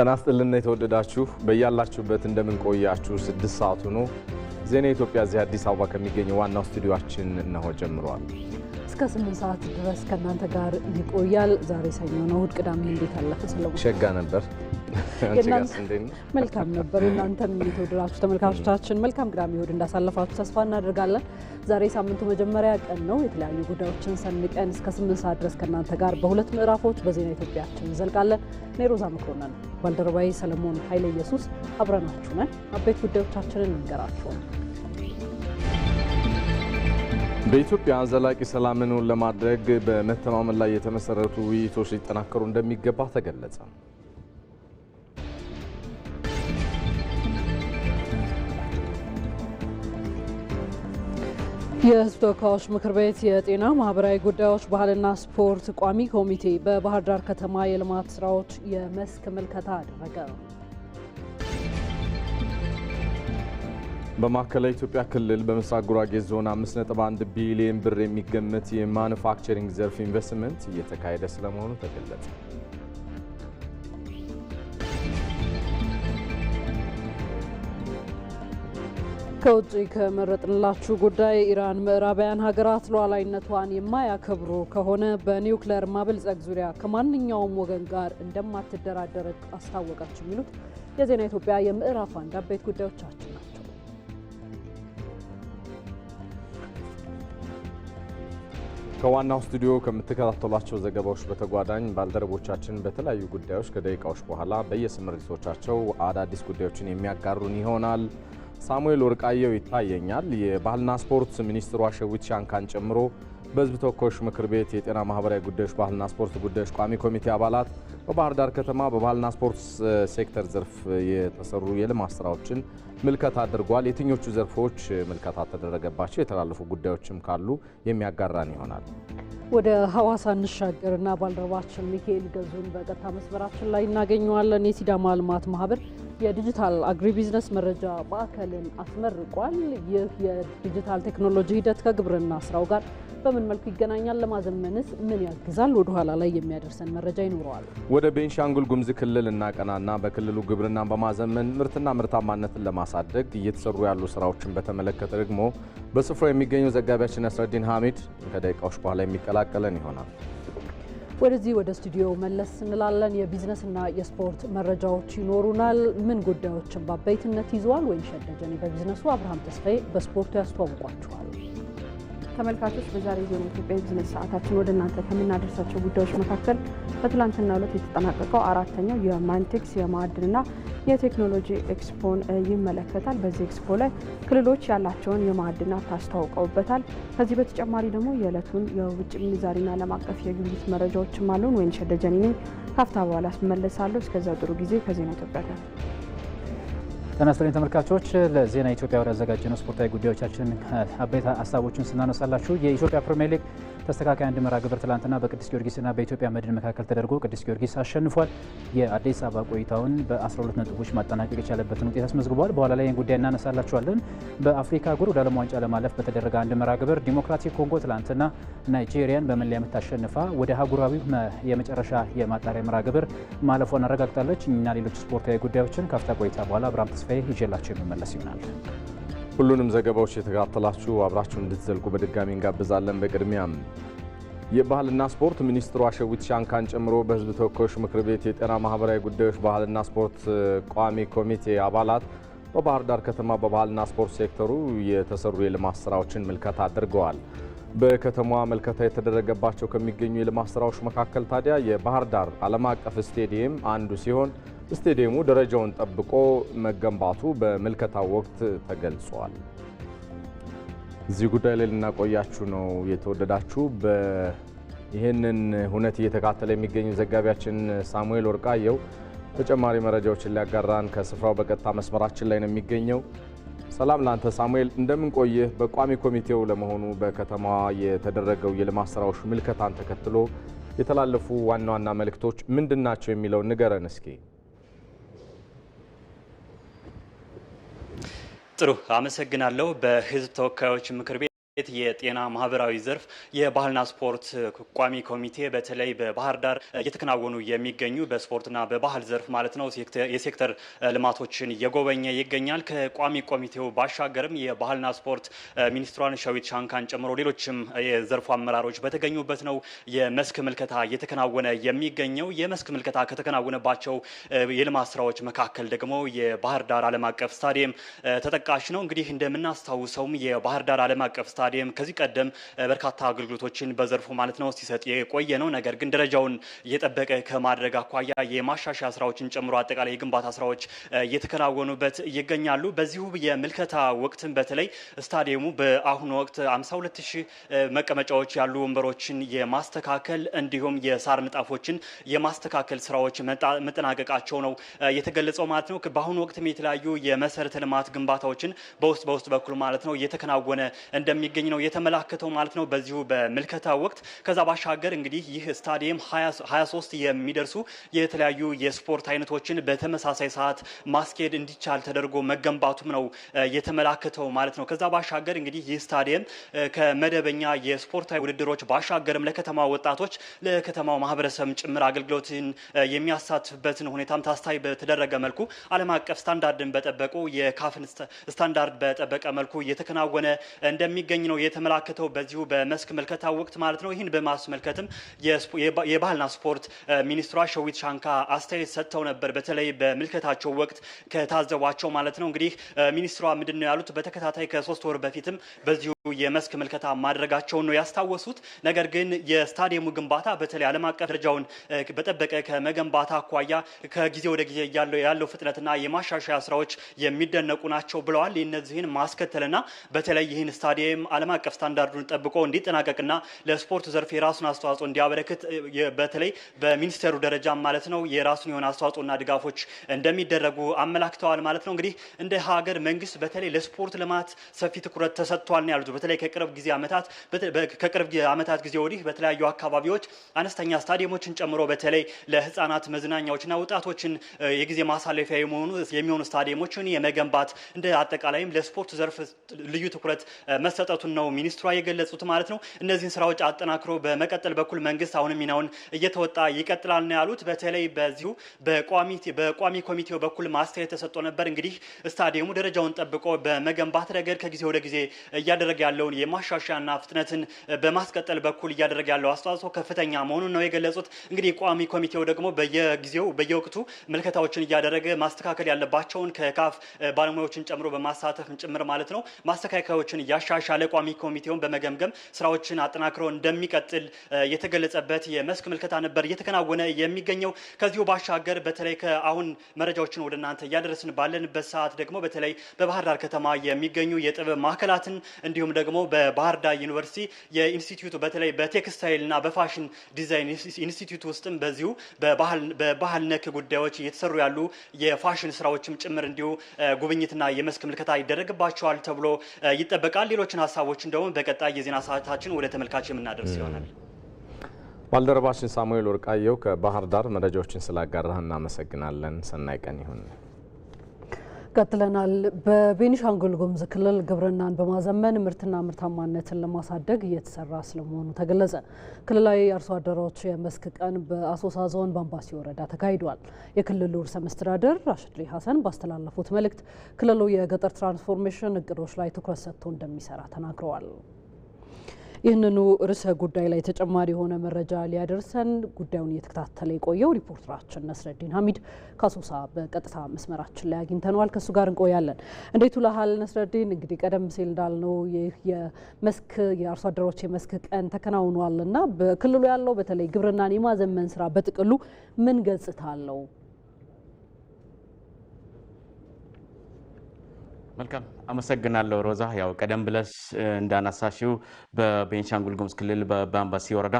ጤና ይስጥልን የተወደዳችሁ በያላችሁበት እንደምንቆያችሁ ስድስት ሰዓቱ ነው። ዜና ኢትዮጵያ እዚህ አዲስ አበባ ከሚገኘው ዋናው ስቱዲዮችን እነሆ ጀምሯል። እስከ ስምንት ሰዓት ድረስ ከእናንተ ጋር ይቆያል። ዛሬ ሰኞ ነው። እሑድ፣ ቅዳሜ እንዴት አለፈ? ሰለሞን ሸጋ ነበር። መልካም ነበር። እናንተም የተወደዳችሁ ተመልካቾቻችን መልካም ቅዳሜ እሑድ እንዳሳለፋችሁ ተስፋ እናደርጋለን። ዛሬ ሳምንቱ መጀመሪያ ቀን ነው። የተለያዩ ጉዳዮችን ሰንቀን እስከ ስምንት ሰዓት ድረስ ከእናንተ ጋር በሁለት ምዕራፎች በዜና ኢትዮጵያችን እንዘልቃለን። እኔ ሮዛ መኮንን ባልደረባዬ ሰለሞን ኃይለ ኢየሱስ አብረናችሁ ነን። አበይት ጉዳዮቻችንን እንገራችሁ። በኢትዮጵያ ዘላቂ ሰላምን ለማድረግ በመተማመን ላይ የተመሰረቱ ውይይቶች ሊጠናከሩ እንደሚገባ ተገለጸ። የህዝብ ተወካዮች ምክር ቤት የጤና ማህበራዊ ጉዳዮች ባህልና ስፖርት ቋሚ ኮሚቴ በባህር ዳር ከተማ የልማት ስራዎች የመስክ ምልከታ አደረገ። በማዕከላዊ ኢትዮጵያ ክልል በምስራቅ ጉራጌ ዞን 5.1 ቢሊዮን ብር የሚገመት የማኑፋክቸሪንግ ዘርፍ ኢንቨስትመንት እየተካሄደ ስለመሆኑ ተገለጸ። ከውጭ ከመረጥንላችሁ ጉዳይ ኢራን ምዕራባውያን ሀገራት ሉዓላዊነቷን የማያከብሩ ከሆነ በኒውክሌር ማበልጸግ ዙሪያ ከማንኛውም ወገን ጋር እንደማትደራደር አስታወቀች። የሚሉት የዜና ኢትዮጵያ የምዕራፍ አንድ አበይት ጉዳዮቻችን ናቸው። ከዋናው ስቱዲዮ ከምትከታተሏቸው ዘገባዎች በተጓዳኝ ባልደረቦቻችን በተለያዩ ጉዳዮች ከደቂቃዎች በኋላ በየስምሪቶቻቸው አዳዲስ ጉዳዮችን የሚያጋሩን ይሆናል። ሳሙኤል ወርቃየው ይታየኛል። የባህልና ስፖርት ሚኒስትሩ አሸዊት ሻንካን ጨምሮ በህዝብ ተወካዮች ምክር ቤት የጤና ማህበራዊ ጉዳዮች ባህልና ስፖርት ጉዳዮች ቋሚ ኮሚቴ አባላት በባህር ዳር ከተማ በባህልና ስፖርት ሴክተር ዘርፍ የተሰሩ የልማት ስራዎችን ምልከታ አድርጓል። የትኞቹ ዘርፎች ምልከታ ተደረገባቸው፣ የተላለፉ ጉዳዮችም ካሉ የሚያጋራን ይሆናል። ወደ ሀዋሳ እንሻገርና ባልደረባችን ሚካኤል ገዙን በቀጥታ መስመራችን ላይ እናገኘዋለን። የሲዳማ ልማት ማህበር የዲጂታል አግሪ ቢዝነስ መረጃ ማዕከልን አስመርቋል። ይህ የዲጂታል ቴክኖሎጂ ሂደት ከግብርና ስራው ጋር በምን መልኩ ይገናኛል? ለማዘመንስ ምን ያግዛል? ወደ ኋላ ላይ የሚያደርሰን መረጃ ይኖረዋል። ወደ ቤንሻንጉል ጉምዝ ክልል እናቀናና በክልሉ ግብርናን በማዘመን ምርትና ምርታማነትን ለማሳደግ እየተሰሩ ያሉ ስራዎችን በተመለከተ ደግሞ በስፍራው የሚገኘው ዘጋቢያችን ነስረዲን ሀሚድ ከደቂቃዎች በኋላ የሚቀላቀለን ይሆናል። ወደዚህ ወደ ስቱዲዮ መለስ እንላለን። የቢዝነስና የስፖርት መረጃዎች ይኖሩናል። ምን ጉዳዮችን በአበይትነት ይዘዋል? ወይንሸት ደጀኔ በቢዝነሱ፣ አብርሃም ተስፋዬ በስፖርቱ ያስተዋውቋችኋል። ተመልካቾች በዛሬ ዜና ኢትዮጵያ ቢዝነስ ሰዓታችን ወደ እናንተ ከምናደርሳቸው ጉዳዮች መካከል በትላንትና ዕለት የተጠናቀቀው አራተኛው የማንቴክስ የማዕድንና የቴክኖሎጂ ኤክስፖን ይመለከታል። በዚህ ኤክስፖ ላይ ክልሎች ያላቸውን የማዕድናት ታስተዋውቀውበታል። ከዚህ በተጨማሪ ደግሞ የዕለቱን የውጭ ምንዛሪና ዓለም አቀፍ የግብይት መረጃዎችም አሉን። ወይን ሸደጀኒ ነኝ። ካፍታ በኋላ አስመለሳለሁ። እስከዚያ ጥሩ ጊዜ ከዜና ኢትዮጵያ ጋር ተናስተልን ተመልካቾች ለዜና ኢትዮጵያ ወደ ያዘጋጀነው ስፖርታዊ ጉዳዮቻችን አበይት ሀሳቦችን ስናነሳላችሁ የኢትዮጵያ ፕሪሚየር ሊግ ተስተካካይ አንድ መርሃ ግብር ትላንትና በቅዱስ ጊዮርጊስና በኢትዮጵያ መድን መካከል ተደርጎ ቅዱስ ጊዮርጊስ አሸንፏል። የአዲስ አበባ ቆይታውን በ12 ነጥቦች ማጠናቀቅ የቻለበትን ውጤት አስመዝግቧል። በኋላ ላይ ጉዳይ እናነሳላችኋለን። በአፍሪካ ጉር ወደ ዓለም ዋንጫ ለማለፍ በተደረገ አንድ መርሃ ግብር ዲሞክራቲክ ኮንጎ ትላንትና ናይጄሪያን በመለያ ምት አሸንፋ ወደ አህጉራዊ የመጨረሻ የማጣሪያ መርሃ ግብር ማለፏን አረጋግጣለች። እኛ ሌሎች ስፖርታዊ ጉዳዮችን ካፍታ ቆይታ በኋላ አብርሃም ተስፋዬ ይዤላቸው የሚመለስ ይሆናል። ሁሉንም ዘገባዎች የተካተላችሁ አብራችሁ እንድትዘልቁ በድጋሚ እንጋብዛለን። በቅድሚያም የባህልና ስፖርት ሚኒስትሩ አሸዊት ሻንካን ጨምሮ በሕዝብ ተወካዮች ምክር ቤት የጤና ማህበራዊ ጉዳዮች ባህልና ስፖርት ቋሚ ኮሚቴ አባላት በባህር ዳር ከተማ በባህልና ስፖርት ሴክተሩ የተሰሩ የልማት ስራዎችን ምልከታ አድርገዋል። በከተማዋ ምልከታ የተደረገባቸው ከሚገኙ የልማት ስራዎች መካከል ታዲያ የባህር ዳር ዓለም አቀፍ ስቴዲየም አንዱ ሲሆን ስቴዲየሙ ደረጃውን ጠብቆ መገንባቱ በምልከታው ወቅት ተገልጿል። እዚህ ጉዳይ ላይ ልናቆያችሁ ነው የተወደዳችሁ። ይህንን ሁነት እየተካተለ የሚገኙ ዘጋቢያችን ሳሙኤል ወርቃየው ተጨማሪ መረጃዎችን ሊያጋራን ከስፍራው በቀጥታ መስመራችን ላይ ነው የሚገኘው። ሰላም ላንተ ሳሙኤል፣ እንደምን ቆየህ? በቋሚ ኮሚቴው ለመሆኑ በከተማዋ የተደረገው የልማት ስራዎች ምልከታን ተከትሎ የተላለፉ ዋና ዋና መልእክቶች ምንድን ናቸው የሚለውን ንገረን እስኪ። ጥሩ አመሰግናለሁ። በህዝብ ተወካዮች ምክር ቤት የጤና ማህበራዊ ዘርፍ የባህልና ስፖርት ቋሚ ኮሚቴ በተለይ በባህር ዳር እየተከናወኑ የሚገኙ በስፖርትና በባህል ዘርፍ ማለት ነው የሴክተር ልማቶችን እየጎበኘ ይገኛል። ከቋሚ ኮሚቴው ባሻገርም የባህልና ስፖርት ሚኒስትሯን ሸዊት ሻንካን ጨምሮ ሌሎችም የዘርፉ አመራሮች በተገኙበት ነው የመስክ ምልከታ እየተከናወነ የሚገኘው። የመስክ ምልከታ ከተከናወነባቸው የልማት ስራዎች መካከል ደግሞ የባህር ዳር ዓለም አቀፍ ስታዲየም ተጠቃሽ ነው። እንግዲህ እንደምናስታውሰውም የባህር ዳር ዓለም አቀፍ ስታዲየም ስታዲየም ከዚህ ቀደም በርካታ አገልግሎቶችን በዘርፉ ማለት ነው ሲሰጥ የቆየ ነው። ነገር ግን ደረጃውን እየጠበቀ ከማድረግ አኳያ የማሻሻያ ስራዎችን ጨምሮ አጠቃላይ የግንባታ ስራዎች እየተከናወኑበት ይገኛሉ። በዚሁ የምልከታ ወቅትን በተለይ ስታዲየሙ በአሁኑ ወቅት 52 ሺህ መቀመጫዎች ያሉ ወንበሮችን የማስተካከል እንዲሁም የሳር ንጣፎችን የማስተካከል ስራዎች መጠናቀቃቸው ነው የተገለጸው ማለት ነው። በአሁኑ ወቅትም የተለያዩ የመሰረተ ልማት ግንባታዎችን በውስጥ በውስጥ በኩል ማለት ነው እየተከናወነ እንደሚገ እንደሚገኝ ነው የተመላከተው ማለት ነው በዚሁ በምልከታ ወቅት። ከዛ ባሻገር እንግዲህ ይህ ስታዲየም 23 የሚደርሱ የተለያዩ የስፖርት አይነቶችን በተመሳሳይ ሰዓት ማስኬድ እንዲቻል ተደርጎ መገንባቱም ነው የተመላከተው ማለት ነው። ከዛ ባሻገር እንግዲህ ይህ ስታዲየም ከመደበኛ የስፖርታዊ ውድድሮች ባሻገርም ለከተማ ወጣቶች ለከተማው ማህበረሰብ ጭምር አገልግሎትን የሚያሳትፍበትን ሁኔታም ታስታይ በተደረገ መልኩ ዓለም አቀፍ ስታንዳርድን በጠበቁ የካፍን ስታንዳርድ በጠበቀ መልኩ እየተከናወነ እንደሚገኝ ነው የተመላከተው በዚሁ በመስክ ምልከታ ወቅት ማለት ነው። ይህን በማስመልከትም የባህልና ስፖርት ሚኒስትሯ ሸዊት ሻንካ አስተያየት ሰጥተው ነበር። በተለይ በምልከታቸው ወቅት ከታዘቧቸው ማለት ነው እንግዲህ ሚኒስትሯ ምንድን ነው ያሉት? በተከታታይ ከሶስት ወር በፊትም በዚሁ የመስክ ምልከታ ማድረጋቸውን ነው ያስታወሱት። ነገር ግን የስታዲየሙ ግንባታ በተለይ ዓለም አቀፍ ደረጃውን በጠበቀ ከመገንባት አኳያ ከጊዜ ወደ ጊዜ ያለው ፍጥነትና የማሻሻያ ስራዎች የሚደነቁ ናቸው ብለዋል። እነዚህን ማስከተልና በተለይ ይህን ስታዲየም ዓለም አቀፍ ስታንዳርዱን ጠብቆ እንዲጠናቀቅና ለስፖርት ዘርፍ የራሱን አስተዋጽኦ እንዲያበረክት በተለይ በሚኒስቴሩ ደረጃ ማለት ነው የራሱን የሆነ አስተዋጽኦና ድጋፎች እንደሚደረጉ አመላክተዋል ማለት ነው። እንግዲህ እንደ ሀገር መንግስት በተለይ ለስፖርት ልማት ሰፊ ትኩረት ተሰጥቷል ነው ያሉት። በተለይ ከቅርብ ጊዜ ዓመታት ከቅርብ ዓመታት ጊዜ ወዲህ በተለያዩ አካባቢዎች አነስተኛ ስታዲየሞችን ጨምሮ በተለይ ለህፃናት መዝናኛዎችና ወጣቶችን የጊዜ ማሳለፊያ የሚሆኑ ስታዲየሞችን የመገንባት እንደ አጠቃላይም ለስፖርት ዘርፍ ልዩ ትኩረት መሰጠቱ መሰጠቱን ነው ሚኒስትሯ የገለጹት ማለት ነው። እነዚህን ስራዎች አጠናክሮ በመቀጠል በኩል መንግስት አሁንም ሚናውን እየተወጣ ይቀጥላል ነው ያሉት። በተለይ በዚሁ በቋሚ ኮሚቴው በኩል ማስተያየት ተሰጥቶ ነበር። እንግዲህ ስታዲየሙ ደረጃውን ጠብቆ በመገንባት ረገድ ከጊዜ ወደ ጊዜ እያደረገ ያለውን የማሻሻያና ፍጥነትን በማስቀጠል በኩል እያደረገ ያለው አስተዋጽኦ ከፍተኛ መሆኑን ነው የገለጹት። እንግዲህ ቋሚ ኮሚቴው ደግሞ በየጊዜው በየወቅቱ ምልከታዎችን እያደረገ ማስተካከል ያለባቸውን ከካፍ ባለሙያዎችን ጨምሮ በማሳተፍ ጭምር ማለት ነው ማስተካከያዎችን እያሻሻለ ቋሚ ኮሚቴውን በመገምገም ስራዎችን አጠናክሮ እንደሚቀጥል የተገለጸበት የመስክ ምልከታ ነበር እየተከናወነ የሚገኘው። ከዚሁ ባሻገር በተለይ ከአሁን መረጃዎችን ወደ እናንተ እያደረስን ባለንበት ሰዓት ደግሞ በተለይ በባህር ዳር ከተማ የሚገኙ የጥበብ ማዕከላትን እንዲሁም ደግሞ በባህር ዳር ዩኒቨርሲቲ የኢንስቲትዩቱ በተለይ በቴክስታይልና በፋሽን ዲዛይን ኢንስቲትዩት ውስጥም በዚሁ በባህል ነክ ጉዳዮች እየተሰሩ ያሉ የፋሽን ስራዎችም ጭምር እንዲሁ ጉብኝትና የመስክ ምልከታ ይደረግባቸዋል ተብሎ ይጠበቃል። ሌሎችን ሀሳቦችን ደግሞ በቀጣይ የዜና ሰዓታችን ወደ ተመልካች የምናደርስ ይሆናል። ባልደረባችን ሳሙኤል ወርቃየው ከባህር ዳር መረጃዎችን ስላጋራህ እናመሰግናለን። ሰናይ ቀን ይሁን። ቀጥለናል። በቤኒሻንጉል ጉሙዝ ክልል ግብርናን በማዘመን ምርትና ምርታማነትን ለማሳደግ እየተሰራ ስለመሆኑ ተገለጸ። ክልላዊ አርሶ አደሮች የመስክ ቀን በአሶሳ ዞን ባምባሲ ወረዳ ተካሂዷል። የክልሉ ርዕሰ መስተዳደር ራሽዲ ሀሰን ባስተላለፉት መልእክት ክልሉ የገጠር ትራንስፎርሜሽን እቅዶች ላይ ትኩረት ሰጥቶ እንደሚሰራ ተናግረዋል። ይህንኑ ርዕሰ ጉዳይ ላይ ተጨማሪ የሆነ መረጃ ሊያደርሰን ጉዳዩን እየተከታተለ የቆየው ሪፖርተራችን ነስረዲን ሀሚድ ከሶሳ በቀጥታ መስመራችን ላይ አግኝተነዋል። ከእሱ ጋር እንቆያለን። እንዴት ውለሃል ነስረዲን? እንግዲህ ቀደም ሲል እንዳልነው ይህ የመስክ የአርሶ አደሮች የመስክ ቀን ተከናውኗል እና በክልሉ ያለው በተለይ ግብርናን የማዘመን ስራ በጥቅሉ ምን ገጽታ አለው? መልካም አመሰግናለሁ ሮዛ። ያው ቀደም ብለሽ እንዳነሳሽው በቤንሻንጉል ጉሙዝ ክልል በአምባሲ ወረዳ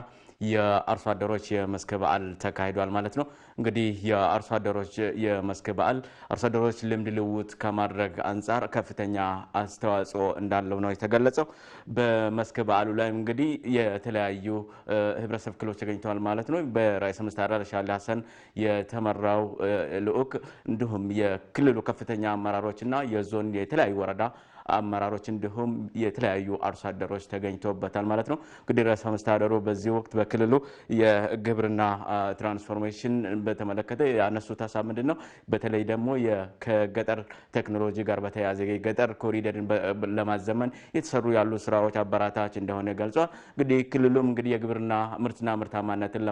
የአርሶ አደሮች የመስክ በዓል ተካሂዷል ማለት ነው። እንግዲህ የአርሶ አደሮች የመስክ በዓል አርሶ አደሮች ልምድ ልውውጥ ከማድረግ አንጻር ከፍተኛ አስተዋጽኦ እንዳለው ነው የተገለጸው። በመስክ በዓሉ ላይ እንግዲህ የተለያዩ ህብረተሰብ ክፍሎች ተገኝተዋል ማለት ነው። በራዕሰ መስተዳድር ሻሊ ሀሰን የተመራው ልዑክ እንዲሁም የክልሉ ከፍተኛ አመራሮች እና የዞን የተለያዩ ወረዳ አመራሮች እንዲሁም የተለያዩ አርሶ አደሮች ተገኝተውበታል ማለት ነው። እንግዲህ ርዕሰ በዚህ ወቅት በክልሉ የግብርና ትራንስፎርሜሽን በተመለከተ ያነሱት ሀሳብ ምንድን ነው? በተለይ ደግሞ ከገጠር ቴክኖሎጂ ጋር በተያያዘ የገጠር ኮሪደርን ለማዘመን የተሰሩ ያሉ ስራዎች አበራታች እንደሆነ ገልጿል። እንግዲህ ክልሉም እንግዲህ የግብርና ምርትና ምርታማነትን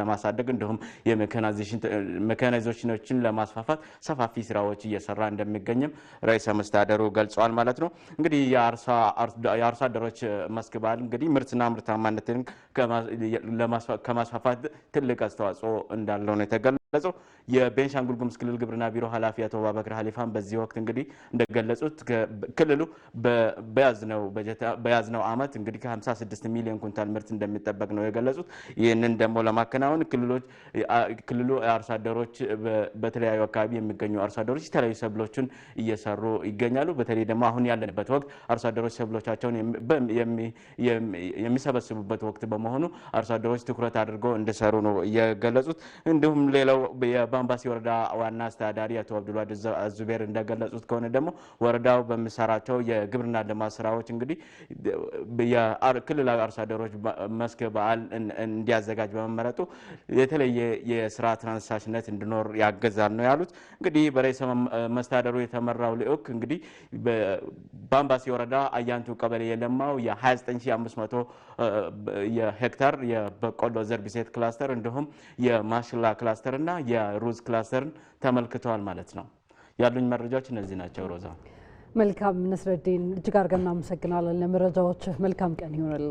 ለማሳደግ እንዲሁም የሜካናይዜሽኖችን ለማስፋፋት ሰፋፊ ስራዎች እየሰራ እንደሚገኝም ርዕሰ መስተዳደሩ ገልጸዋል ማለት ማለት ነው። እንግዲህ የአርሶ አደሮች መስክ በዓል እንግዲህ ምርትና ምርታማነትን ከማስፋፋት ትልቅ አስተዋጽኦ እንዳለው ነው የተገለ ገለጸው የቤንሻንጉል ጉሙዝ ክልል ግብርና ቢሮ ኃላፊ አቶ አቡባከር ሀሊፋን በዚህ ወቅት እንግዲህ እንደገለጹት ክልሉ በያዝነው ዓመት እንግዲህ ከ56 ሚሊዮን ኩንታል ምርት እንደሚጠበቅ ነው የገለጹት። ይህንን ደግሞ ለማከናወን ክልሉ አርሶ አደሮች በተለያዩ አካባቢ የሚገኙ አርሶ አደሮች የተለያዩ ሰብሎችን እየሰሩ ይገኛሉ። በተለይ ደግሞ አሁን ያለንበት ወቅት አርሶ አደሮች ሰብሎቻቸውን የሚሰበስቡበት ወቅት በመሆኑ አርሶ አደሮች ትኩረት አድርገው እንደሰሩ ነው የገለጹት። እንዲሁም ሌላው የባምባሲ ወረዳ ዋና አስተዳዳሪ አቶ አብዱልዋድ ዙቤር እንደገለጹት ከሆነ ደግሞ ወረዳው በሚሰራቸው የግብርና ልማት ስራዎች እንግዲህ የክልላዊ አርሶ አደሮች መስክ በዓል እንዲያዘጋጅ በመመረጡ የተለየ የስራ ተነሳሽነት እንዲኖር ያገዛል ነው ያሉት። እንግዲህ በርዕሰ መስተዳደሩ የተመራው ልዑክ እንግዲህ በአምባሲ ወረዳ አያንቱ ቀበሌ የለማው የ29500 ሄክታር የበቆሎ ዘር ክላስተር እንዲሁም የማሽላ ክላስተር ና የሩዝ ክላስተርን ተመልክተዋል ማለት ነው። ያሉኝ መረጃዎች እነዚህ ናቸው። ሮዛ መልካም ነስረዲን፣ እጅግ አድርገን እናመሰግናለን ለመረጃዎች። መልካም ቀን ይሆንል።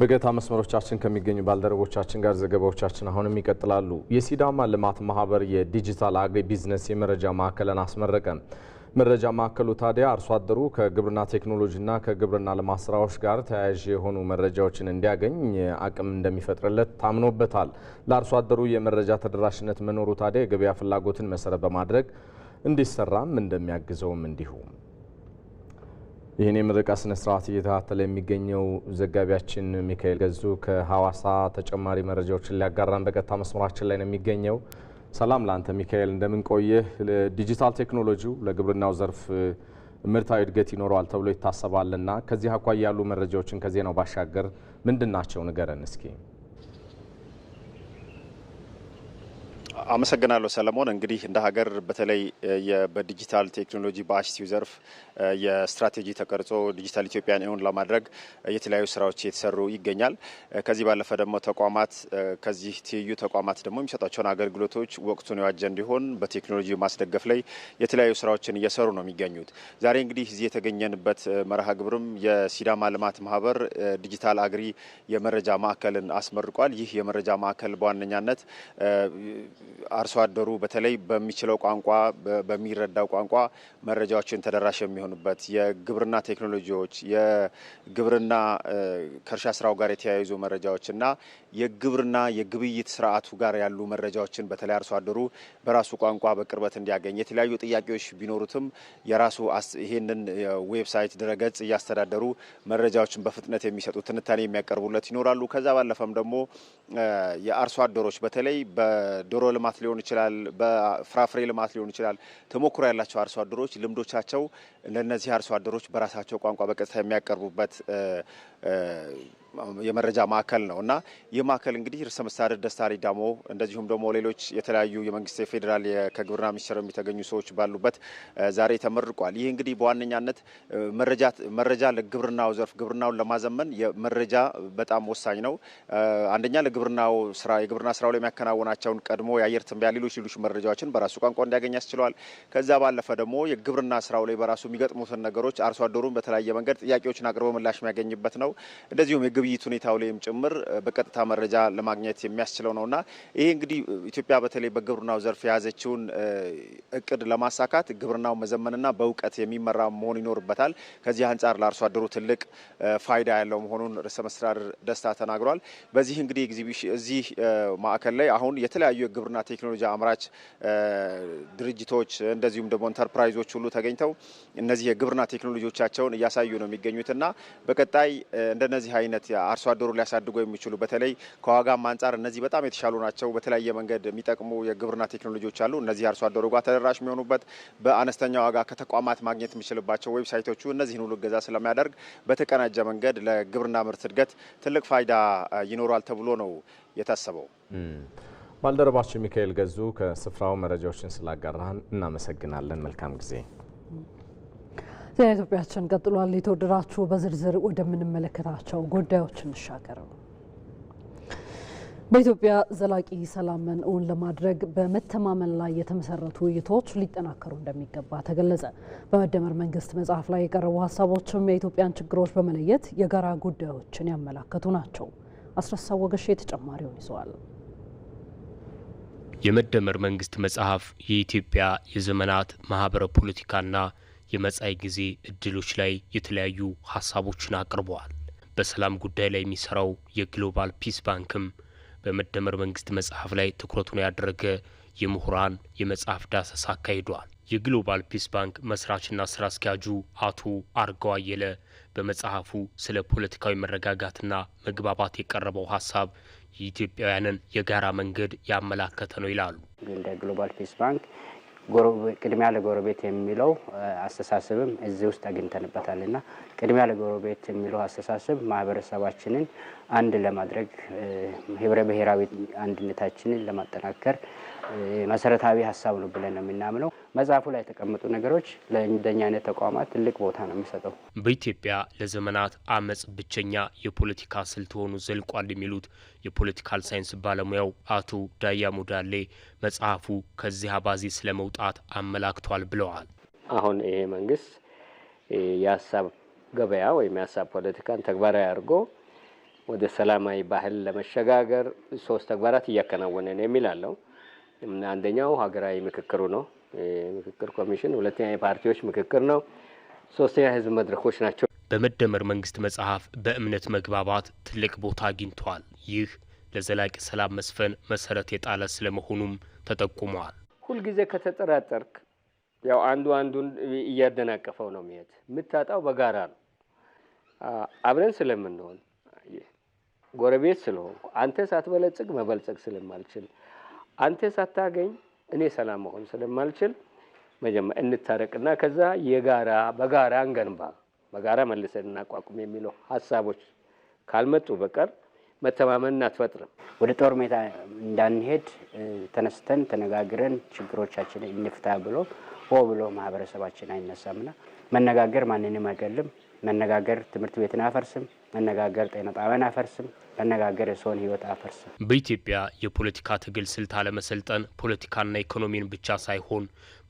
በገታ መስመሮቻችን ከሚገኙ ባልደረቦቻችን ጋር ዘገባዎቻችን አሁንም ይቀጥላሉ። የሲዳማ ልማት ማህበር የዲጂታል አግሪ ቢዝነስ የመረጃ ማዕከልን አስመረቀ። መረጃ ማዕከሉ ታዲያ አርሶ አደሩ ከግብርና ቴክኖሎጂና ከግብርና ልማት ስራዎች ጋር ተያያዥ የሆኑ መረጃዎችን እንዲያገኝ አቅም እንደሚፈጥርለት ታምኖበታል። ለአርሶ አደሩ የመረጃ ተደራሽነት መኖሩ ታዲያ የገበያ ፍላጎትን መሰረት በማድረግ እንዲሰራም እንደሚያግዘውም እንዲሁ ይህን የምረቃ ስነ ስርዓት እየተከታተለ የሚገኘው ዘጋቢያችን ሚካኤል ገዙ ከሀዋሳ ተጨማሪ መረጃዎችን ሊያጋራን በቀጥታ መስመራችን ላይ ነው የሚገኘው። ሰላም ለአንተ ሚካኤል፣ እንደምንቆይህ ለዲጂታል ቴክኖሎጂው ለግብርናው ዘርፍ ምርታዊ እድገት ይኖረዋል ተብሎ ይታሰባልና ከዚህ አኳያ ያሉ መረጃዎችን ከዜናው ባሻገር ምንድን ናቸው ንገረን እስኪ። አመሰግናለሁ ሰለሞን። እንግዲህ እንደ ሀገር በተለይ በዲጂታል ቴክኖሎጂ በአይሲቲው ዘርፍ የስትራቴጂ ተቀርጾ ዲጂታል ኢትዮጵያን እውን ለማድረግ የተለያዩ ስራዎች እየተሰሩ ይገኛል። ከዚህ ባለፈ ደግሞ ተቋማት ከዚህ ትይዩ ተቋማት ደግሞ የሚሰጧቸውን አገልግሎቶች ወቅቱን የዋጀ እንዲሆን በቴክኖሎጂ ማስደገፍ ላይ የተለያዩ ስራዎችን እየሰሩ ነው የሚገኙት። ዛሬ እንግዲህ እዚህ የተገኘንበት መርሃ ግብርም የሲዳማ ልማት ማህበር ዲጂታል አግሪ የመረጃ ማዕከልን አስመርቋል። ይህ የመረጃ ማዕከል በዋነኛነት አርሶ አደሩ በተለይ በሚችለው ቋንቋ በሚረዳው ቋንቋ መረጃዎችን ተደራሽ የሚሆኑበት የግብርና ቴክኖሎጂዎች፣ የግብርና ከእርሻ ስራው ጋር የተያያዙ መረጃዎች እና የግብርና የግብይት ስርዓቱ ጋር ያሉ መረጃዎችን በተለይ አርሶ አደሩ በራሱ ቋንቋ በቅርበት እንዲያገኝ የተለያዩ ጥያቄዎች ቢኖሩትም የራሱ ይሄንን ዌብሳይት ድረገጽ እያስተዳደሩ መረጃዎችን በፍጥነት የሚሰጡ ትንታኔ የሚያቀርቡለት ይኖራሉ። ከዛ ባለፈም ደግሞ የአርሶ አደሮች በተለይ በዶሮ ልማት ሊሆን ይችላል፣ በፍራፍሬ ልማት ሊሆን ይችላል። ተሞክሮ ያላቸው አርሶ አደሮች ልምዶቻቸው ለእነዚህ አርሶ አደሮች በራሳቸው ቋንቋ በቀጥታ የሚያቀርቡበት የመረጃ ማዕከል ነው እና ይህ ማዕከል እንግዲህ ርዕሰ መስተዳድር ደስታ ሌዳሞ እንደዚሁም ደግሞ ሌሎች የተለያዩ የመንግስት የፌዴራል ከግብርና ሚኒስቴር የሚተገኙ ሰዎች ባሉበት ዛሬ ተመርቋል። ይህ እንግዲህ በዋነኛነት መረጃ ለግብርናው ዘርፍ ግብርናውን ለማዘመን መረጃ በጣም ወሳኝ ነው። አንደኛ ለግብርናው ስራ የግብርና ስራው ላይ የሚያከናውናቸውን ቀድሞ የአየር ትንበያ፣ ሌሎች ሌሎች መረጃዎችን በራሱ ቋንቋ እንዲያገኝ ያስችለዋል። ከዛ ባለፈ ደግሞ የግብርና ስራው ላይ በራሱ የሚገጥሙትን ነገሮች አርሶ አደሩን በተለያየ መንገድ ጥያቄዎችን አቅርቦ ምላሽ የሚያገኝበት ነው። ነው። እንደዚሁም የግብይት ሁኔታው ላይም ጭምር በቀጥታ መረጃ ለማግኘት የሚያስችለው ነውና ይሄ እንግዲህ ኢትዮጵያ በተለይ በግብርናው ዘርፍ የያዘችውን እቅድ ለማሳካት ግብርናው መዘመንና በእውቀት የሚመራ መሆን ይኖርበታል። ከዚህ አንጻር ለአርሶ አደሩ ትልቅ ፋይዳ ያለው መሆኑን ርዕሰ መስተዳድር ደስታ ተናግሯል። በዚህ እንግዲህ እዚህ ማዕከል ላይ አሁን የተለያዩ የግብርና ቴክኖሎጂ አምራች ድርጅቶች እንደዚሁም ደግሞ ኢንተርፕራይዞች ሁሉ ተገኝተው እነዚህ የግብርና ቴክኖሎጂዎቻቸውን እያሳዩ ነው የሚገኙትና በቀጣይ እንደነዚህ አይነት አርሶ አደሩ ሊያሳድጉ የሚችሉ በተለይ ከዋጋም አንጻር እነዚህ በጣም የተሻሉ ናቸው። በተለያየ መንገድ የሚጠቅሙ የግብርና ቴክኖሎጂዎች አሉ። እነዚህ አርሶ አደሩ ጋር ተደራሽ የሚሆኑበት በአነስተኛ ዋጋ ከተቋማት ማግኘት የሚችልባቸው ዌብሳይቶቹ እነዚህን ሁሉ እገዛ ስለሚያደርግ በተቀናጀ መንገድ ለግብርና ምርት እድገት ትልቅ ፋይዳ ይኖራል ተብሎ ነው የታሰበው። ባልደረባችን ሚካኤል ገዙ ከስፍራው መረጃዎችን ስላጋራህን እናመሰግናለን። መልካም ጊዜ። የኢትዮጵያችን ቀጥሏል። የተወደዳችሁ በዝርዝር ወደምንመለከታቸው ጉዳዮች እንሻገር። በኢትዮጵያ ዘላቂ ሰላምን እውን ለማድረግ በመተማመን ላይ የተመሰረቱ ውይይቶች ሊጠናከሩ እንደሚገባ ተገለጸ። በመደመር መንግስት መጽሐፍ ላይ የቀረቡ ሀሳቦችም የኢትዮጵያን ችግሮች በመለየት የጋራ ጉዳዮችን ያመላከቱ ናቸው። አስረሳ ወገሼ ተጨማሪውን ይዘዋል። የመደመር መንግስት መጽሐፍ የኢትዮጵያ የዘመናት ማህበረ ፖለቲካና የመጻኢ ጊዜ እድሎች ላይ የተለያዩ ሀሳቦችን አቅርበዋል። በሰላም ጉዳይ ላይ የሚሰራው የግሎባል ፒስ ባንክም በመደመር መንግስት መጽሐፍ ላይ ትኩረቱን ያደረገ የምሁራን የመጽሐፍ ዳሰሳ አካሂደዋል። የግሎባል ፒስ ባንክ መስራችና ስራ አስኪያጁ አቶ አርጋው አየለ በመጽሐፉ ስለ ፖለቲካዊ መረጋጋትና መግባባት የቀረበው ሀሳብ የኢትዮጵያውያንን የጋራ መንገድ ያመላከተ ነው ይላሉ። እንደ ግሎባል ፒስ ባንክ ቅድሚያ ለጎረቤት የሚለው አስተሳሰብም እዚህ ውስጥ አግኝተንበታል እና ቅድሚያ ለጎረቤት የሚለው አስተሳሰብ ማህበረሰባችንን አንድ ለማድረግ ህብረ ብሔራዊ አንድነታችንን ለማጠናከር መሰረታዊ ሀሳብ ነው ብለን ነው የምናምነው። መጽሐፉ ላይ የተቀመጡ ነገሮች ለእንደኛ አይነት ተቋማት ትልቅ ቦታ ነው የሚሰጠው። በኢትዮጵያ ለዘመናት አመጽ ብቸኛ የፖለቲካ ስልት ሆኖ ዘልቋል የሚሉት የፖለቲካል ሳይንስ ባለሙያው አቶ ዳያ ሙዳሌ መጽሐፉ ከዚህ አባዜ ስለ መውጣት አመላክቷል ብለዋል። አሁን ይሄ መንግስት የሀሳብ ገበያ ወይም የሀሳብ ፖለቲካን ተግባራዊ አድርጎ ወደ ሰላማዊ ባህል ለመሸጋገር ሶስት ተግባራት እያከናወነ ነው የሚል አለው አንደኛው ሀገራዊ ምክክሩ ነው፣ ምክክር ኮሚሽን። ሁለተኛ የፓርቲዎች ምክክር ነው። ሶስተኛ የህዝብ መድረኮች ናቸው። በመደመር መንግስት መጽሐፍ በእምነት መግባባት ትልቅ ቦታ አግኝቷል። ይህ ለዘላቂ ሰላም መስፈን መሰረት የጣለ ስለመሆኑም ተጠቁሟል። ሁልጊዜ ከተጠራጠርክ ያው አንዱ አንዱን እያደናቀፈው ነው የሚሄድ። የምታጣው በጋራ ነው። አብረን ስለምንሆን ጎረቤት ስለሆንኩ አንተ ሳትበለጽግ መበልጸግ ስለማልችል አንተ ሳታገኝ እኔ ሰላም መሆን ስለማልችል መጀመሪያ እንታረቅና ከዛ የጋራ በጋራ እንገንባ በጋራ መልሰን እናቋቁም የሚለው ሀሳቦች ካልመጡ በቀር መተማመን አትፈጥርም። ወደ ጦር ሜዳ እንዳንሄድ ተነስተን ተነጋግረን ችግሮቻችን እንፍታ ብሎ ሆ ብሎ ማህበረሰባችን አይነሳምና መነጋገር ማንንም አይገልም። መነጋገር ትምህርት ቤትን አፈርስም። መነጋገር ጤና ጣቢያን አፈርስም። ያነጋገረ ሰውን ህይወት አፈርስ። በኢትዮጵያ የፖለቲካ ትግል ስልት አለመሰልጠን ፖለቲካና ኢኮኖሚን ብቻ ሳይሆን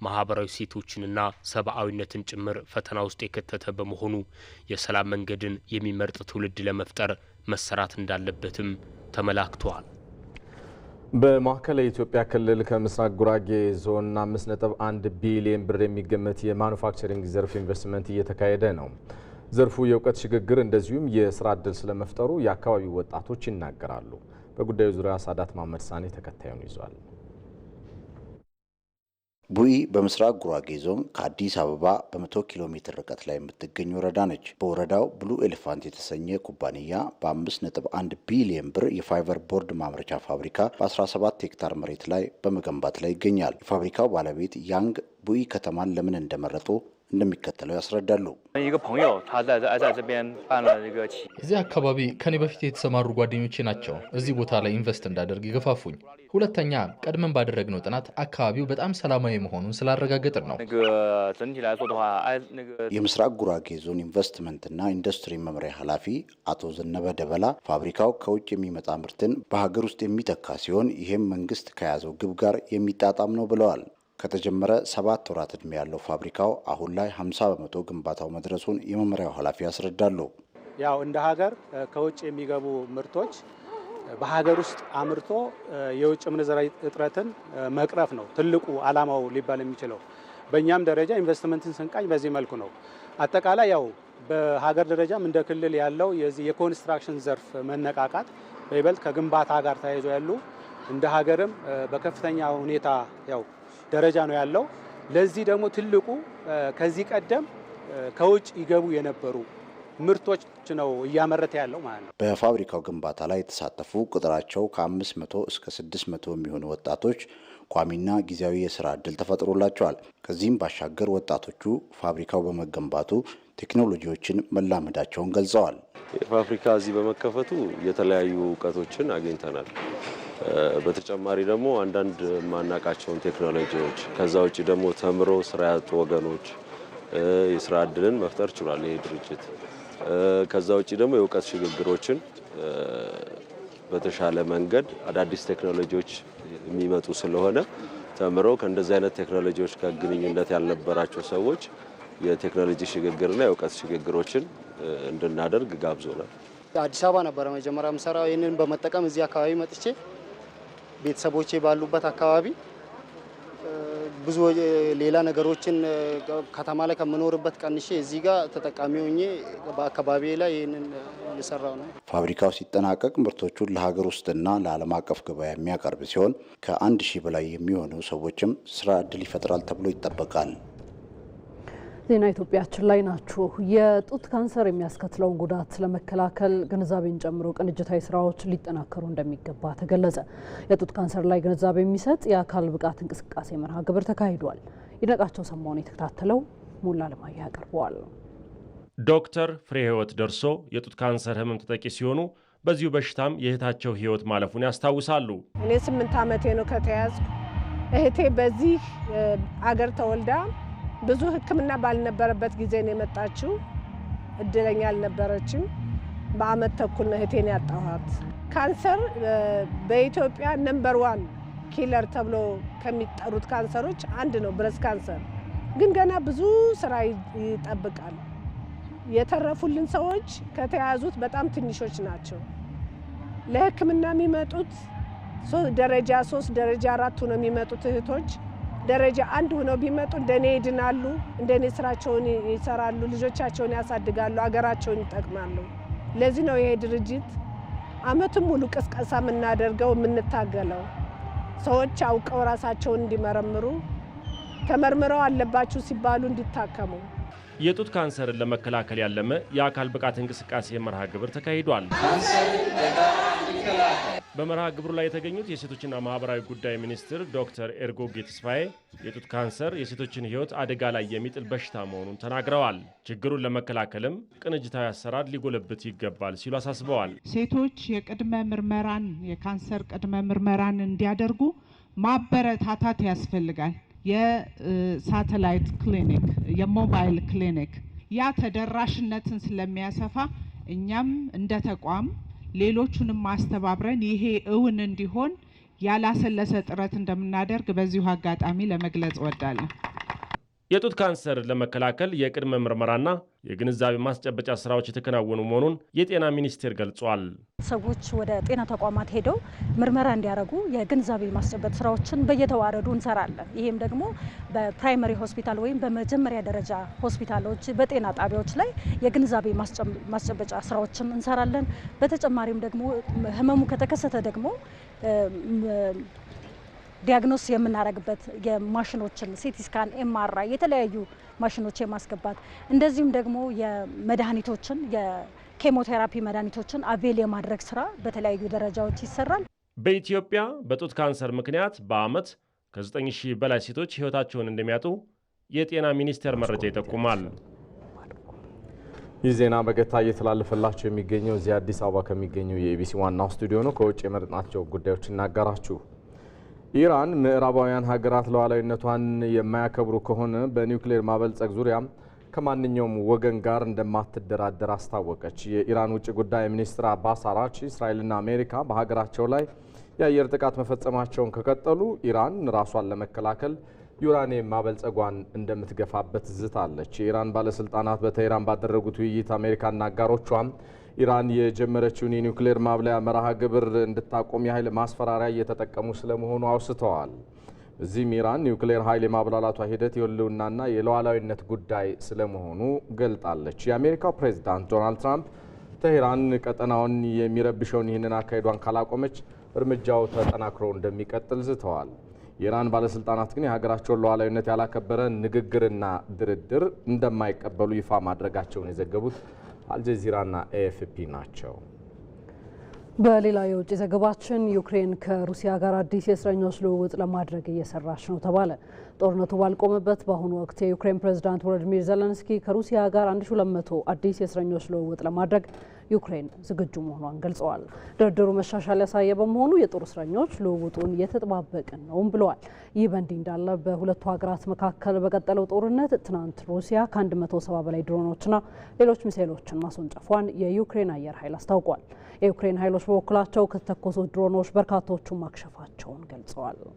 ማህበራዊ ሴቶችንና ሰብአዊነትን ጭምር ፈተና ውስጥ የከተተ በመሆኑ የሰላም መንገድን የሚመርጥ ትውልድ ለመፍጠር መሰራት እንዳለበትም ተመላክቷል። በማዕከላዊ የኢትዮጵያ ክልል ከምስራቅ ጉራጌ ዞን 5.1 ቢሊዮን ብር የሚገመት የማኑፋክቸሪንግ ዘርፍ ኢንቨስትመንት እየተካሄደ ነው። ዘርፉ የእውቀት ሽግግር እንደዚሁም የስራ እድል ስለመፍጠሩ የአካባቢው ወጣቶች ይናገራሉ። በጉዳዩ ዙሪያ ሳዳት ማመድ ሳኔ ተከታዩን ይዟል። ቡኢ በምስራቅ ጉራጌ ዞን ከአዲስ አበባ በመቶ ኪሎ ሜትር ርቀት ላይ የምትገኝ ወረዳ ነች። በወረዳው ብሉ ኤሌፋንት የተሰኘ ኩባንያ በ51 ቢሊየን ብር የፋይበር ቦርድ ማምረቻ ፋብሪካ በ17 ሄክታር መሬት ላይ በመገንባት ላይ ይገኛል። የፋብሪካው ባለቤት ያንግ ቡኢ ከተማን ለምን እንደመረጡ እንደሚከተለው ያስረዳሉ። እዚህ አካባቢ ከኔ በፊት የተሰማሩ ጓደኞቼ ናቸው እዚህ ቦታ ላይ ኢንቨስት እንዳደርግ ይገፋፉኝ። ሁለተኛ ቀድመን ባደረግነው ጥናት አካባቢው በጣም ሰላማዊ መሆኑን ስላረጋገጥን ነው። የምስራቅ ጉራጌ ዞን ኢንቨስትመንትና ኢንዱስትሪ መምሪያ ኃላፊ አቶ ዘነበ ደበላ ፋብሪካው ከውጭ የሚመጣ ምርትን በሀገር ውስጥ የሚተካ ሲሆን ይህም መንግስት ከያዘው ግብ ጋር የሚጣጣም ነው ብለዋል። ከተጀመረ ሰባት ወራት ዕድሜ ያለው ፋብሪካው አሁን ላይ 50 በመቶ ግንባታው መድረሱን የመመሪያው ኃላፊ ያስረዳሉ። ያው እንደ ሀገር ከውጭ የሚገቡ ምርቶች በሀገር ውስጥ አምርቶ የውጭ ምንዛሪ እጥረትን መቅረፍ ነው ትልቁ ዓላማው ሊባል የሚችለው። በእኛም ደረጃ ኢንቨስትመንትን ስንቃኝ በዚህ መልኩ ነው። አጠቃላይ ያው በሀገር ደረጃም እንደ ክልል ያለው የዚህ የኮንስትራክሽን ዘርፍ መነቃቃት በይበልጥ ከግንባታ ጋር ተያይዞ ያሉ እንደ ሀገርም በከፍተኛ ሁኔታ ያው ደረጃ ነው ያለው። ለዚህ ደግሞ ትልቁ ከዚህ ቀደም ከውጭ ይገቡ የነበሩ ምርቶች ነው እያመረተ ያለው ማለት ነው። በፋብሪካው ግንባታ ላይ የተሳተፉ ቁጥራቸው ከ500 እስከ 600 የሚሆኑ ወጣቶች ቋሚና ጊዜያዊ የስራ እድል ተፈጥሮላቸዋል። ከዚህም ባሻገር ወጣቶቹ ፋብሪካው በመገንባቱ ቴክኖሎጂዎችን መላመዳቸውን ገልጸዋል። ፋብሪካ እዚህ በመከፈቱ የተለያዩ እውቀቶችን አግኝተናል። በተጨማሪ ደግሞ አንዳንድ የማናቃቸውን ቴክኖሎጂዎች ከዛ ውጭ ደግሞ ተምሮ ስራ ያጡ ወገኖች የስራ እድልን መፍጠር ችሏል ይሄ ድርጅት። ከዛ ውጭ ደግሞ የእውቀት ሽግግሮችን በተሻለ መንገድ አዳዲስ ቴክኖሎጂዎች የሚመጡ ስለሆነ ተምረው ከእንደዚህ አይነት ቴክኖሎጂዎች ጋር ግንኙነት ያልነበራቸው ሰዎች የቴክኖሎጂ ሽግግርና የእውቀት ሽግግሮችን እንድናደርግ ጋብዞናል። አዲስ አበባ ነበረ መጀመሪያ ምሰራ ይህንን በመጠቀም እዚህ አካባቢ መጥቼ ቤተሰቦቼ ባሉበት አካባቢ ብዙ ሌላ ነገሮችን ከተማ ላይ ከምኖርበት ቀንሼ እዚህ ጋር ተጠቃሚ ሆኜ በአካባቢ ላይ ይህንን እየሰራው ነው። ፋብሪካው ሲጠናቀቅ ምርቶቹን ለሀገር ውስጥና ለዓለም አቀፍ ገበያ የሚያቀርብ ሲሆን ከአንድ ሺህ በላይ የሚሆኑ ሰዎችም ስራ እድል ይፈጥራል ተብሎ ይጠበቃል። ዜና ኢትዮጵያችን ላይ ናችሁ። የጡት ካንሰር የሚያስከትለውን ጉዳት ለመከላከል ግንዛቤን ጨምሮ ቅንጅታዊ ስራዎች ሊጠናከሩ እንደሚገባ ተገለጸ። የጡት ካንሰር ላይ ግንዛቤ የሚሰጥ የአካል ብቃት እንቅስቃሴ መርሃ ግብር ተካሂዷል። ይነቃቸው ሰማውን የተከታተለው ሙላ አለማየሁ ያቀርበዋል። ዶክተር ፍሬ ህይወት ደርሶ የጡት ካንሰር ህመም ተጠቂ ሲሆኑ በዚሁ በሽታም የእህታቸው ህይወት ማለፉን ያስታውሳሉ። እኔ ስምንት ዓመቴ ነው ከተያዝኩ። እህቴ በዚህ አገር ተወልዳ ብዙ ሕክምና ባልነበረበት ጊዜ ነው የመጣችው። እድለኛ አልነበረችም። በአመት ተኩል ነው እህቴን ያጣኋት። ካንሰር በኢትዮጵያ ነምበር ዋን ኪለር ተብሎ ከሚጠሩት ካንሰሮች አንድ ነው ብረስ ካንሰር። ግን ገና ብዙ ስራ ይጠብቃል። የተረፉልን ሰዎች ከተያዙት በጣም ትንሾች ናቸው። ለህክምና የሚመጡት ደረጃ ሶስት ደረጃ አራት ነው የሚመጡት እህቶች ደረጃ አንድ ሆነው ቢመጡ እንደኔ ይድናሉ፣ እንደኔ ስራቸውን ይሰራሉ፣ ልጆቻቸውን ያሳድጋሉ፣ አገራቸውን ይጠቅማሉ። ለዚህ ነው ይሄ ድርጅት አመቱን ሙሉ ቅስቀሳ የምናደርገው የምንታገለው ሰዎች አውቀው ራሳቸውን እንዲመረምሩ ተመርምረው አለባችሁ ሲባሉ እንዲታከሙ። የጡት ካንሰርን ለመከላከል ያለመ የአካል ብቃት እንቅስቃሴ መርሃ ግብር ተካሂዷል። ካንሰርን በመርሃ ግብሩ ላይ የተገኙት የሴቶችና ማህበራዊ ጉዳይ ሚኒስትር ዶክተር ኤርጎጌ ተስፋዬ የጡት ካንሰር የሴቶችን ሕይወት አደጋ ላይ የሚጥል በሽታ መሆኑን ተናግረዋል። ችግሩን ለመከላከልም ቅንጅታዊ አሰራር ሊጎለብት ይገባል ሲሉ አሳስበዋል። ሴቶች የቅድመ ምርመራን የካንሰር ቅድመ ምርመራን እንዲያደርጉ ማበረታታት ያስፈልጋል። የሳተላይት ክሊኒክ፣ የሞባይል ክሊኒክ ያ ተደራሽነትን ስለሚያሰፋ እኛም እንደ ተቋም ሌሎቹንም ማስተባብረን ይሄ እውን እንዲሆን ያላሰለሰ ጥረት እንደምናደርግ በዚሁ አጋጣሚ ለመግለጽ እወዳለሁ። የጡት ካንሰር ለመከላከል የቅድመ ምርመራና የግንዛቤ ማስጨበጫ ስራዎች የተከናወኑ መሆኑን የጤና ሚኒስቴር ገልጿል። ሰዎች ወደ ጤና ተቋማት ሄደው ምርመራ እንዲያደርጉ የግንዛቤ ማስጨበጥ ስራዎችን በየተዋረዱ እንሰራለን። ይህም ደግሞ በፕራይመሪ ሆስፒታል ወይም በመጀመሪያ ደረጃ ሆስፒታሎች፣ በጤና ጣቢያዎች ላይ የግንዛቤ ማስጨበጫ ስራዎችን እንሰራለን። በተጨማሪም ደግሞ ህመሙ ከተከሰተ ደግሞ ዲያግኖስ የምናደርግበት የማሽኖችን ሲቲስካን ኤምአርአይ የተለያዩ ማሽኖች የማስገባት እንደዚሁም ደግሞ የመድኃኒቶችን የኬሞቴራፒ መድኃኒቶችን አቬል የማድረግ ስራ በተለያዩ ደረጃዎች ይሰራል። በኢትዮጵያ በጡት ካንሰር ምክንያት በአመት ከ9 ሺህ በላይ ሴቶች ህይወታቸውን እንደሚያጡ የጤና ሚኒስቴር መረጃ ይጠቁማል። ይህ ዜና በቀጥታ እየተላለፈላቸው የሚገኘው እዚህ አዲስ አበባ ከሚገኘው የኢቢሲ ዋናው ስቱዲዮ ነው። ከውጭ የመረጥናቸው ጉዳዮች ይናገራችሁ ኢራን ምዕራባውያን ሀገራት ሉዓላዊነቷን የማያከብሩ ከሆነ በኒውክሌር ማበልጸግ ዙሪያ ከማንኛውም ወገን ጋር እንደማትደራደር አስታወቀች። የኢራን ውጭ ጉዳይ ሚኒስትር አባስ አራቺ እስራኤልና አሜሪካ በሀገራቸው ላይ የአየር ጥቃት መፈጸማቸውን ከቀጠሉ ኢራን ራሷን ለመከላከል ዩራኒየም ማበልጸጓን እንደምትገፋበት ዝታለች። የኢራን ባለስልጣናት በቴህራን ባደረጉት ውይይት አሜሪካና አጋሮቿ ኢራን የጀመረችውን የኒውክሌር ማብላያ መርሃ ግብር እንድታቆም የኃይል ማስፈራሪያ እየተጠቀሙ ስለመሆኑ አውስተዋል። እዚህም ኢራን ኒውክሌር ኃይል የማብላላቷ ሂደት የህልውናና የሉዓላዊነት ጉዳይ ስለመሆኑ ገልጣለች። የአሜሪካው ፕሬዚዳንት ዶናልድ ትራምፕ ተሄራን ቀጠናውን የሚረብሸውን ይህንን አካሄዷን ካላቆመች እርምጃው ተጠናክሮ እንደሚቀጥል ዝተዋል። የኢራን ባለስልጣናት ግን የሀገራቸውን ሉዓላዊነት ያላከበረ ንግግርና ድርድር እንደማይቀበሉ ይፋ ማድረጋቸውን የዘገቡት አልጀዚራና ኤኤፍፒ ናቸው። በሌላ የውጭ ዘገባችን ዩክሬን ከሩሲያ ጋር አዲስ የእስረኞች ልውውጥ ለማድረግ እየሰራች ነው ተባለ። ጦርነቱ ባልቆመበት በአሁኑ ወቅት የዩክሬን ፕሬዝዳንት ቮሎዲሚር ዘለንስኪ ከሩሲያ ጋር 1200 አዲስ የእስረኞች ልውውጥ ለማድረግ ዩክሬን ዝግጁ መሆኗን ገልጸዋል። ድርድሩ መሻሻል ያሳየ በመሆኑ የጦር እስረኞች ልውውጡን እየተጠባበቅን ነውም ብለዋል። ይህ በእንዲህ እንዳለ በሁለቱ ሀገራት መካከል በቀጠለው ጦርነት ትናንት ሩሲያ ከ170 በላይ ድሮኖችና ሌሎች ሚሳይሎችን ማስወንጨፏን የዩክሬን አየር ኃይል አስታውቋል። የዩክሬን ኃይሎች በበኩላቸው ከተተኮሱት ድሮኖች በርካቶቹ ማክሸፋቸውን ገልጸዋል።